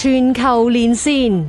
全球連線，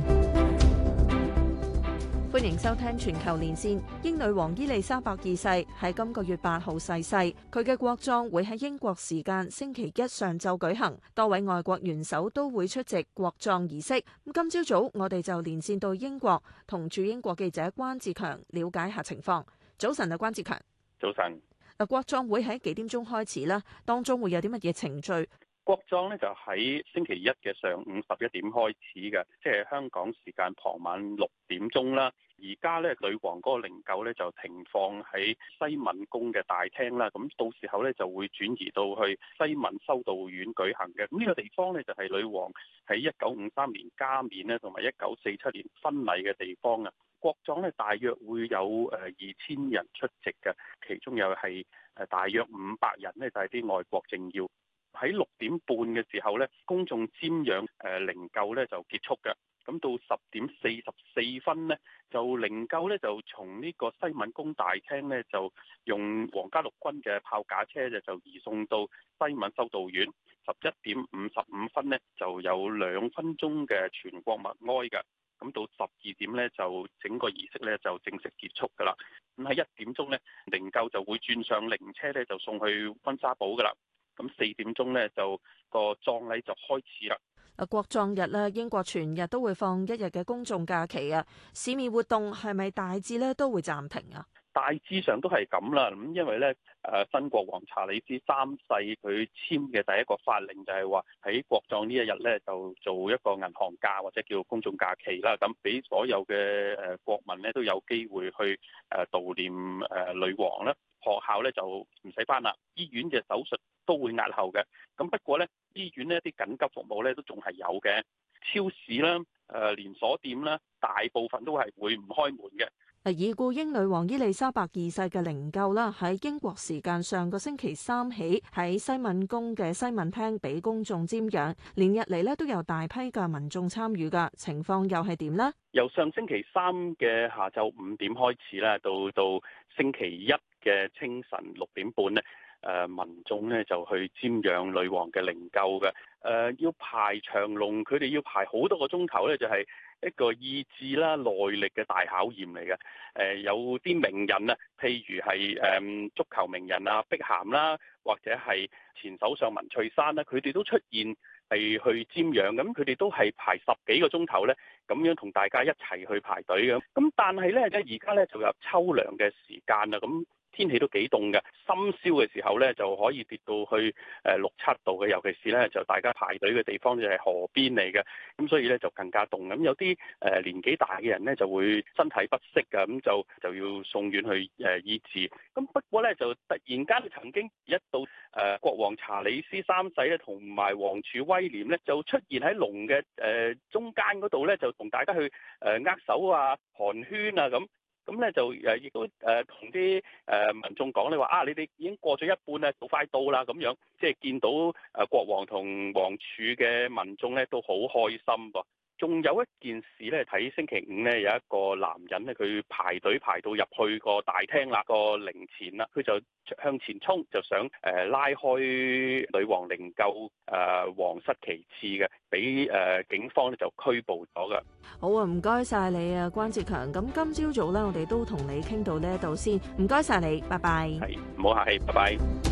歡迎收聽全球連線。英女王伊利沙伯二世喺今個月八號逝世，佢嘅國葬會喺英國時間星期一上晝舉行，多位外國元首都會出席國葬儀式。今朝早，早我哋就連線到英國同駐英國記者關志強了解下情況。早晨啊，關志強。早晨。嗱，國葬會喺幾點鐘開始呢？當中會有啲乜嘢程序？國葬咧就喺星期一嘅上午十一點開始嘅，即係香港時間傍晚六點鐘啦。而家咧，女王嗰個靈柩咧就停放喺西敏宮嘅大廳啦。咁到時候咧就會轉移到去西敏修道院舉行嘅。咁呢個地方咧就係女王喺一九五三年加冕咧同埋一九四七年婚禮嘅地方啊。國葬咧大約會有誒二千人出席嘅，其中又係誒大約五百人咧就係啲外國政要。喺六點半嘅時候呢，公眾瞻仰誒靈柩呢就結束嘅。咁到十點四十四分呢，就靈柩呢就從呢個西敏宮大廳呢，就用皇家陸軍嘅炮架車呢，就移送到西敏修道院。十一點五十五分呢，就有兩分鐘嘅全國默哀㗎。咁到十二點呢，就整個儀式呢就正式結束㗎啦。咁喺一點鐘呢，靈柩就會轉上靈車呢，就送去溫莎堡㗎啦。咁四點鐘呢，就個葬禮就開始啦。嗱，國葬日呢，英國全日都會放一日嘅公眾假期啊。市面活動係咪大致咧都會暫停啊？大致上都係咁啦。咁因為咧，誒新國王查理斯三世佢簽嘅第一個法令就係話喺國葬呢一日咧就做一個銀行假或者叫公眾假期啦。咁俾所有嘅誒國民呢，都有機會去誒悼念誒女王啦。學校咧就唔使返啦。醫院嘅手術都會押後嘅，咁不過呢，醫院呢啲緊急服務呢都仲係有嘅，超市啦，誒連鎖店啦，大部分都係會唔開門嘅。已故英女王伊利沙伯二世嘅靈柩啦，喺英國時間上個星期三起喺西敏宮嘅西敏廳俾公眾瞻仰，連日嚟呢，都有大批嘅民眾參與㗎，情況又係點呢？由上星期三嘅下晝五點開始啦，到到星期一嘅清晨六點半呢。誒、呃、民眾咧就去瞻仰女王嘅靈柩嘅，誒、呃、要排長龍，佢哋要排好多個鐘頭咧，就係、是、一個意志啦、耐力嘅大考驗嚟嘅。誒、呃、有啲名人啊，譬如係誒、呃、足球名人啊，碧咸啦，或者係前首相文翠珊啦，佢哋都出現係去瞻仰，咁佢哋都係排十幾個鐘頭咧，咁樣同大家一齊去排隊嘅。咁但係咧，而家咧就入秋涼嘅時間啦，咁。天氣都幾凍嘅，深宵嘅時候咧，就可以跌到去、呃、六七度嘅，尤其是咧就大家排隊嘅地方就係河邊嚟嘅，咁所以咧就更加凍咁，有啲、呃、年紀大嘅人咧就會身體不適嘅，咁就就要送院去誒醫、呃、治。咁不過咧就突然間曾經一度誒、呃、國王查理斯三世咧同埋王儲威廉咧就出現喺龍嘅、呃、中間嗰度咧就同大家去誒、呃、握手啊，寒暄啊咁。咁咧就誒，亦都誒同啲誒民眾講咧話啊，你哋已經過咗一半啦，到快到啦咁樣，即係見到誒國王同王儲嘅民眾咧，都好開心噃。仲有一件事咧，睇星期五咧，有一個男人咧，佢排隊排到入去個大廳啦，個靈前啦，佢就向前衝，就想誒、呃、拉開女王靈柩誒王室旗幟嘅，俾誒、呃、警方咧就拘捕咗嘅。好啊，唔該晒你啊，關志強。咁今朝早咧，我哋都同你傾到呢一度先，唔該晒你，拜拜。係，唔好客氣，拜拜。